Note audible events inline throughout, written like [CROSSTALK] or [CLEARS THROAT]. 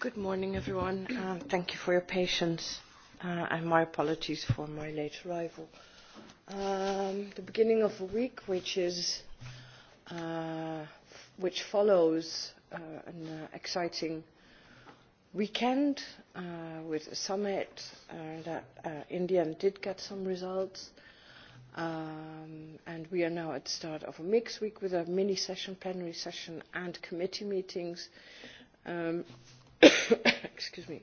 Good morning, everyone. Uh, thank you for your patience uh, and my apologies for my late arrival. Um, the beginning of a week, which is uh, which follows uh, an uh, exciting weekend uh, with a summit uh, that uh, in the end did get some results. Um, and we are now at the start of a mixed week with a mini session, plenary session, and committee meetings. Um, [COUGHS] excuse me,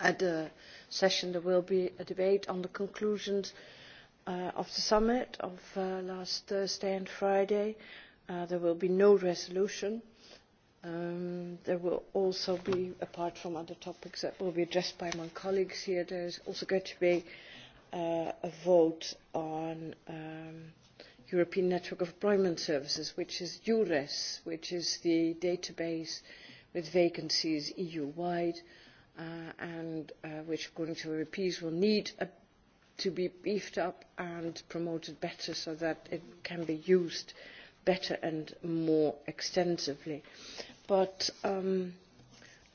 at the session there will be a debate on the conclusions uh, of the summit of uh, last Thursday and Friday. Uh, there will be no resolution. Um, there will also be, apart from other topics that will be addressed by my colleagues here, there is also going to be a vote on the um, European Network of Employment Services, which is EURES, which is the database with vacancies EU-wide uh, and uh, which, according to MEPs, will need a, uh, to be beefed up and promoted better so that it can be used better and more extensively. But um,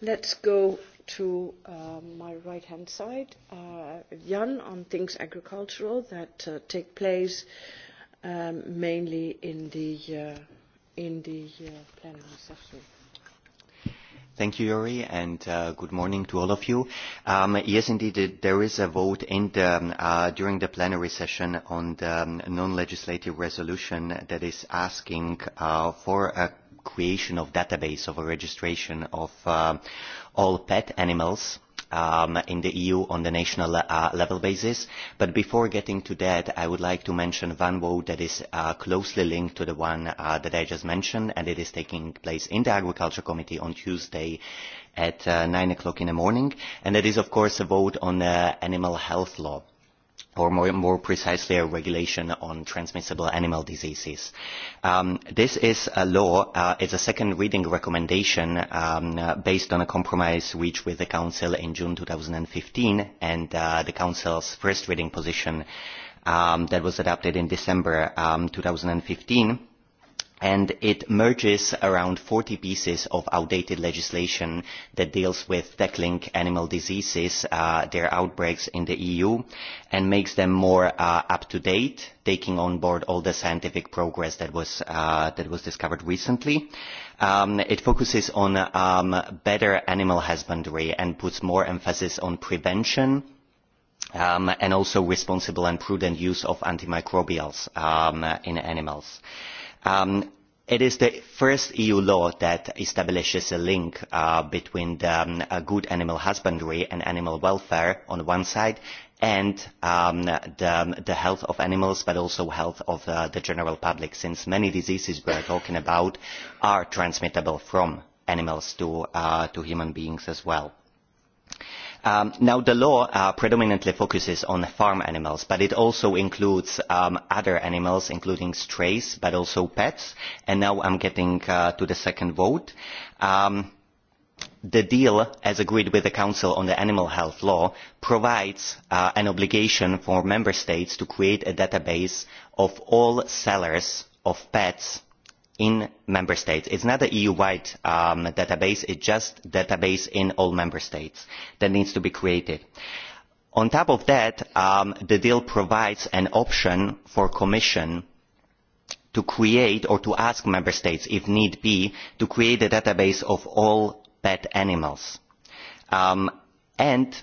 let's go to uh, my right-hand side, uh, Jan, on things agricultural that uh, take place um, mainly in the, uh, in the uh, plenary session. Thank you, Yuri, and uh, good morning to all of you. Um, yes, indeed, there is a vote in the, um, uh, during the plenary session on the um, non-legislative resolution that is asking uh, for a creation of database of a registration of uh, all pet animals um, in the EU on the national uh, level basis. But before getting to that, I would like to mention one vote that is uh, closely linked to the one uh, that I just mentioned, and it is taking place in the Agriculture Committee on Tuesday at uh, 9 o'clock in the morning. And that is, of course, a vote on the uh, animal health law or more, more precisely a regulation on transmissible animal diseases. Um, this is a law, uh, it's a second reading recommendation um, uh, based on a compromise reached with the Council in June 2015 and uh, the Council's first reading position um, that was adopted in December um, 2015 and it merges around forty pieces of outdated legislation that deals with tackling animal diseases, uh, their outbreaks in the EU, and makes them more uh, up to date, taking on board all the scientific progress that was, uh, that was discovered recently. Um, it focuses on um, better animal husbandry and puts more emphasis on prevention, um, and also responsible and prudent use of antimicrobials um, in animals. Um, it is the first EU law that establishes a link uh, between the, um, good animal husbandry and animal welfare on one side and um, the, um, the health of animals, but also health of uh, the general public, since many diseases we are talking about are transmittable from animals to, uh, to human beings as well. Um, now, the law uh, predominantly focuses on farm animals, but it also includes um, other animals, including strays, but also pets. And now I'm getting uh, to the second vote. Um, the deal, as agreed with the Council on the Animal Health Law, provides uh, an obligation for member states to create a database of all sellers of pets in member states. It's not an EU-wide um, database, it's just a database in all member states that needs to be created. On top of that, um, the deal provides an option for Commission to create or to ask member states, if need be, to create a database of all pet animals. Um, and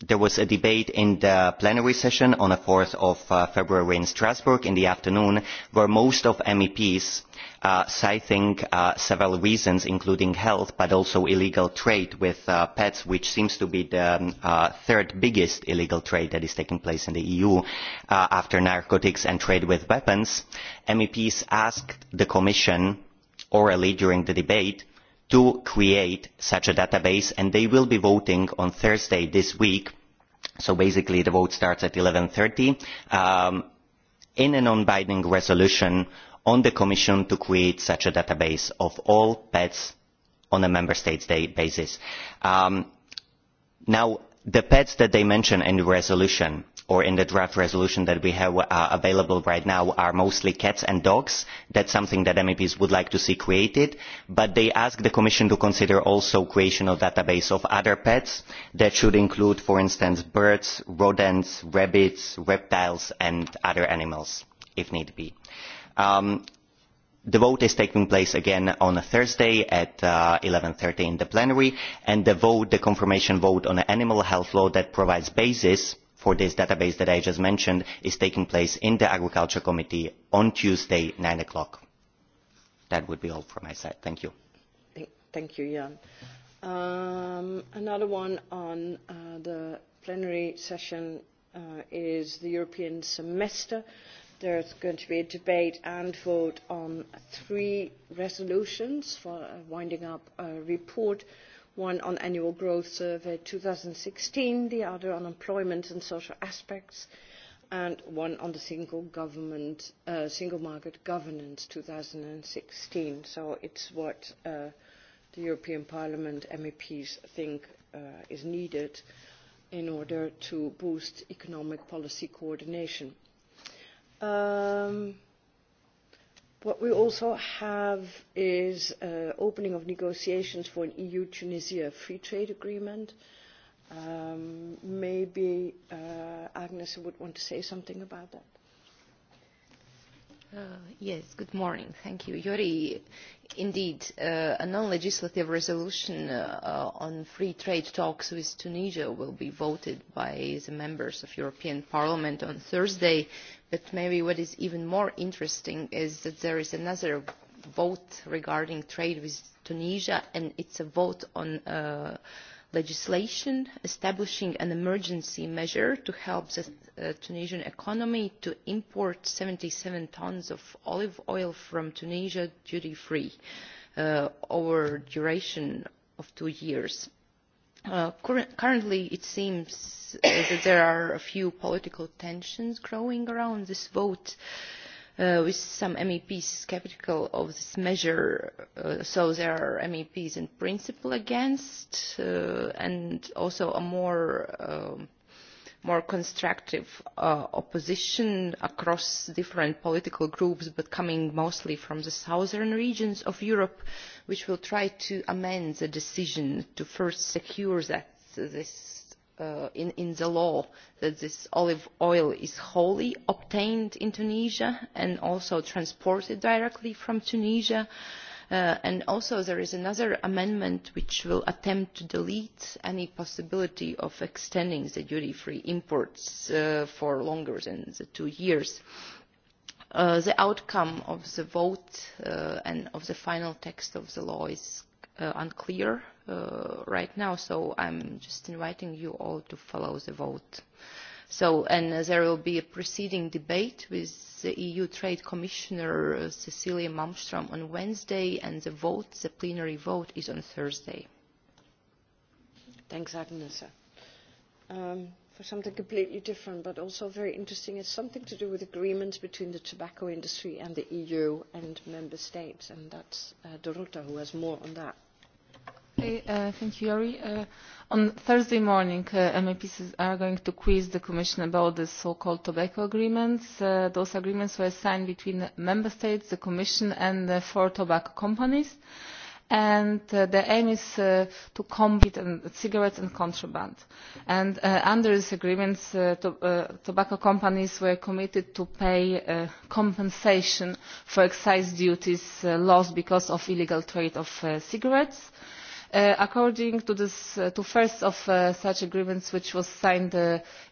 there was a debate in the plenary session on the of uh, February in Strasbourg in the afternoon where most of MEPs cited uh, citing uh, several reasons including health but also illegal trade with pets which seems to be the um, third biggest illegal trade that is taking place in the EU after narcotics and trade with weapons MEPs asked the commission orally during the debate to create such a database and they will be voting on Thursday this week. So basically the vote starts at 11.30 um, in a non-binding resolution on the Commission to create such a database of all pets on a member states day basis. Um, now, the pets that they mention in the resolution or in the draft resolution that we have uh, available right now are mostly cats and dogs. That's something that MEPs would like to see created, but they ask the Commission to consider also creation of database of other pets that should include, for instance, birds, rodents, rabbits, reptiles, and other animals, if need be. Um, the vote is taking place again on a Thursday at uh, thirty in the plenary, and the vote, the confirmation vote on the animal health law that provides basis for this database that I just mentioned is taking place in the Agriculture Committee on Tuesday, nine o'clock. That would be all from my side. Thank you. Thank you, Jan. Um, another one on uh, the plenary session uh, is the European semester. There's going to be a debate and vote on three resolutions for uh, winding up a report one on annual growth survey two thousand and sixteen the other on employment and social aspects and one on the single uh, market governance two thousand and sixteen so it's what uh, the european parliament meps think uh, is needed in order to boost economic policy coordination um, What we also have is uh, opening of negotiations for an EU-Tunisia free trade agreement. Um, maybe uh, Agnes would want to say something about that. Uh, yes, good morning. Thank you. Yuri, indeed, uh, a non-legislative resolution uh, on free trade talks with Tunisia will be voted by the members of European Parliament on Thursday, but maybe what is even more interesting is that there is another vote regarding trade with Tunisia, and it's a vote on uh, legislation establishing an emergency measure to help the uh, tunisian economy to import seventy seven tonnes of olive oil from tunisia duty free uh, over a duration of two years. Uh, cur currently it seems uh, that there are a few political tensions growing around this vote. Uh, Uh, with some meps sceptical of this measure uh, so there are meps in principle against uh, and also a more um, more constructive opposition across different political groups but coming mostly from the southern regions of europe which will try to amend the decision to first secure that this Uh, in, in the law that this olive oil is wholly obtained in Tunisia and also transported directly from Tunisia. Uh, and also there is another amendment which will attempt to delete any possibility of extending the duty-free imports uh, for longer than the two years. the outcome of the vote and of the final text of the law is uh, unclear uh, right now, so I'm just inviting you all to follow the vote. So, and uh, there will be a preceding debate with the EU Trade Commissioner uh, Cecilia Malmström on Wednesday, and the vote, the plenary vote, is on Thursday. Thanks, Agnes. Um, for something completely different, but also very interesting, it's something to do with agreements between the tobacco industry and the EU and member states, and that's uh, Dorota who has more on that. Uh, uh, on Thursday morning, uh, MEPs are going to quiz the Commission about the so-called tobacco agreements. those agreements were signed between Member States, the Commission, and the four tobacco companies. And the aim is to combat um, cigarettes and contraband. under these agreements, tobacco companies were committed to pay compensation for excise duties lost because of illegal trade of cigarettes. Uh, according to the uh, first of uh, such agreements which was signed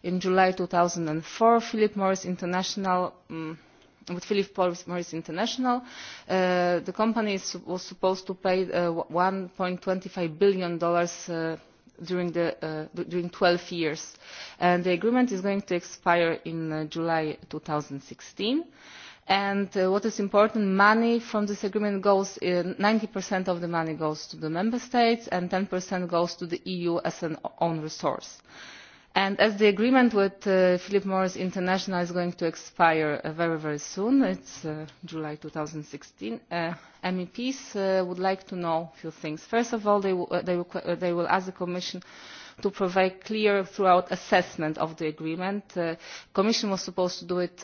in july two thousand and four philip morris international um, with philip morris international the company was supposed to pay one twenty five billion dollars during twelve years and the agreement is going to expire in july two thousand and sixteen and uh, what is important money from this agreement goes uh, ninety percent of the money goes to the member states and ten goes to the eu as an own resource. And as the agreement with uh, philip morris international is going to expire uh, very very soon it is july two thousand and sixteen meps would like to know a few things. first of all they, they, they will ask the commission to provide clear throughout assessment of the agreement. the commission was supposed to do it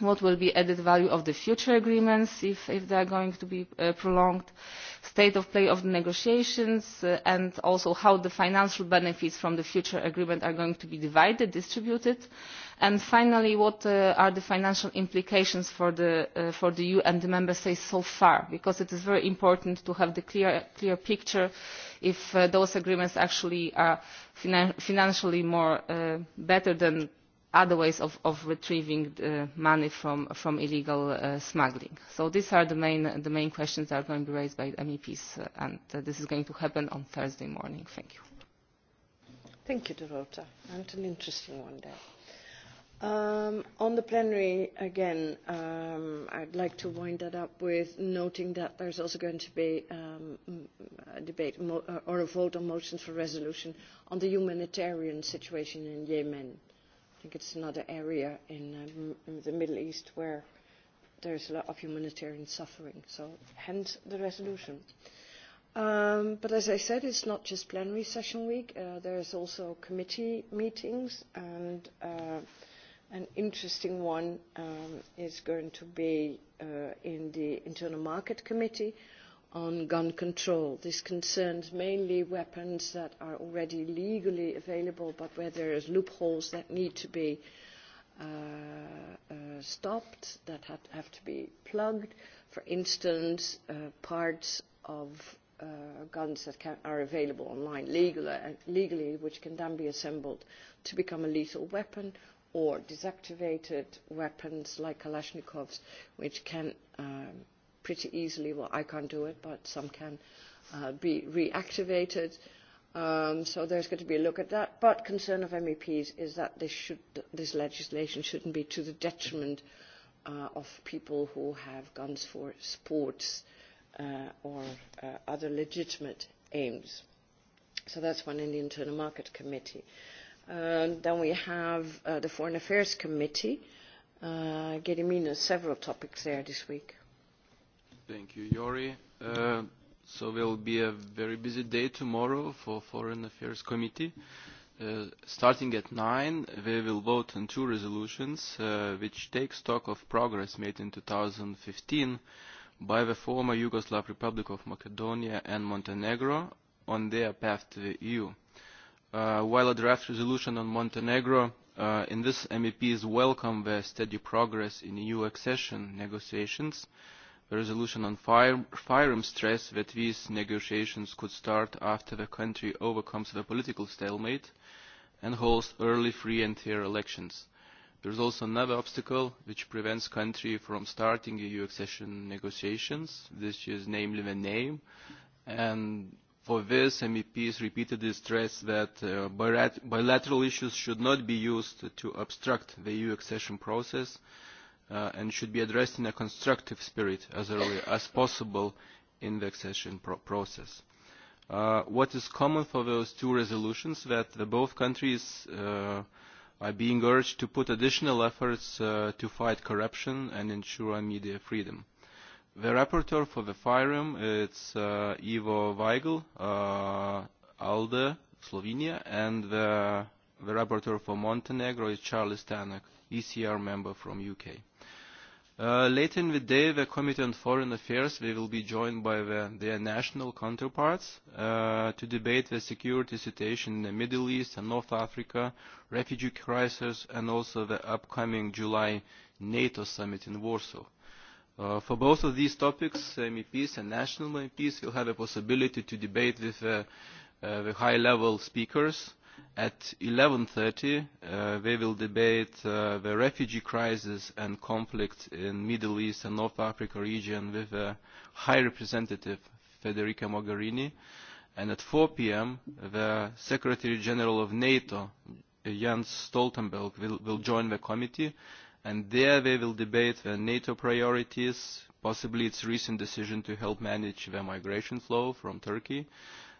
what will be the added value of the future agreements if, they are going to be prolonged uh, prolonged, state of play of the negotiations, uh, and also how the financial benefits from the future agreement are going to be divided, distributed, and finally what uh, are the financial implications for the, EU and the member states so far, because it is very important to have the clear, picture if those agreements actually are financially better than other ways of, of retrieving uh, money from, from illegal uh, smuggling. So these are the main, the main questions that are going to be raised by MEPs, uh, and uh, this is going to happen on Thursday morning. Thank you. Thank you, Dorota. And an interesting one there. Um, on the plenary, again, um, I'd like to wind that up with noting that there's also going to be um, a debate mo uh, or a vote on motions for resolution on the humanitarian situation in Yemen i think it's another area in um, the Middle East where there's a lot of humanitarian suffering. So hence the resolution. Um, but as I said, it's not just plenary session week. Uh, there's also committee meetings, and uh, an interesting one um, is going to be uh, in the Internal Market Committee, uh, on gun control. This concerns mainly weapons that are already legally available, but where there is loopholes that need to be uh, uh, stopped, that have, have to be plugged. For instance, uh, parts of uh, guns that can, are available online legal, legally, which can then be assembled to become a lethal weapon, or deactivated weapons like Kalashnikovs, which can um, pretty easily. Well, I can't do it, but some can uh, be reactivated. Um, so there's going to be a look at that. But concern of MEPs is that this, should, this legislation shouldn't be to the detriment uh, of people who have guns for sports uh, or uh, other legitimate aims. So that's one in the Internal Market Committee. Um then we have uh, the Foreign Affairs Committee. Uh, Gedimina, several topics there this week. Thank you, Yori. Uh, so will be a very busy day tomorrow for Foreign Affairs Committee. Uh, starting at 9, we will vote on two resolutions uh, which take stock of progress made in 2015 by the former Yugoslav Republic of Macedonia and Montenegro on their path to the EU. Uh, while a draft resolution on Montenegro, uh, in this MEPs welcome the steady progress in EU accession negotiations, uh, resolution on fire, firearms stress that these negotiations could start after the country overcomes the political stalemate and holds early free and fair elections. There is also another obstacle which prevents country from starting EU accession negotiations. This is namely the name. And for this, MEPs repeatedly stressed that uh, bilateral issues should not be used to obstruct the EU accession process uh, and should be addressed in a constructive spirit as early as possible in the accession pro process. Uh, what is common for those two resolutions that the both countries uh, are being urged to put additional efforts uh, to fight corruption and ensure media freedom. The rapporteur for the firearm is uh, Ivo Weigl, uh, ALDE, Slovenia, and the, the rapporteur for Montenegro is Charles Tanak, ECR member from UK. Uh, later in the day, the Committee on Foreign Affairs we will be joined by the, their national counterparts uh, to debate the security situation in the Middle East and North Africa, refugee crisis, and also the upcoming July NATO summit in Warsaw. Uh, for both of these topics, MEPs and national MEPs will have a possibility to debate with uh, uh, the high-level speakers At eleven thirty uh, we will debate uh, the refugee crisis and conflict in Middle East and North Africa region with uh, High Representative Federica Mogherini. And at four p.m. the Secretary General of NATO, Jens Stoltenberg, will, will join the committee. And there they will debate the NATO priorities, possibly its recent decision to help manage the migration flow from Turkey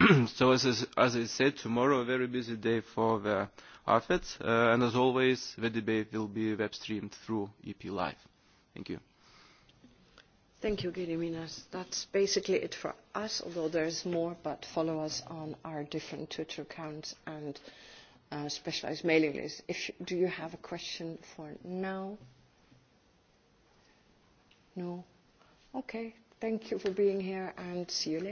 [CLEARS THROAT] so as, is, as I said, tomorrow a very busy day for the AFET, uh, and as always, the debate will be web streamed through EP Live. Thank you. Thank you, Gediminas. That's basically it for us, although there's more, but follow us on our different Twitter accounts and uh, specialized mailing lists. If you, do you have a question for now? No? Okay. Thank you for being here, and see you later.